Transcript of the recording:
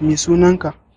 Me sunan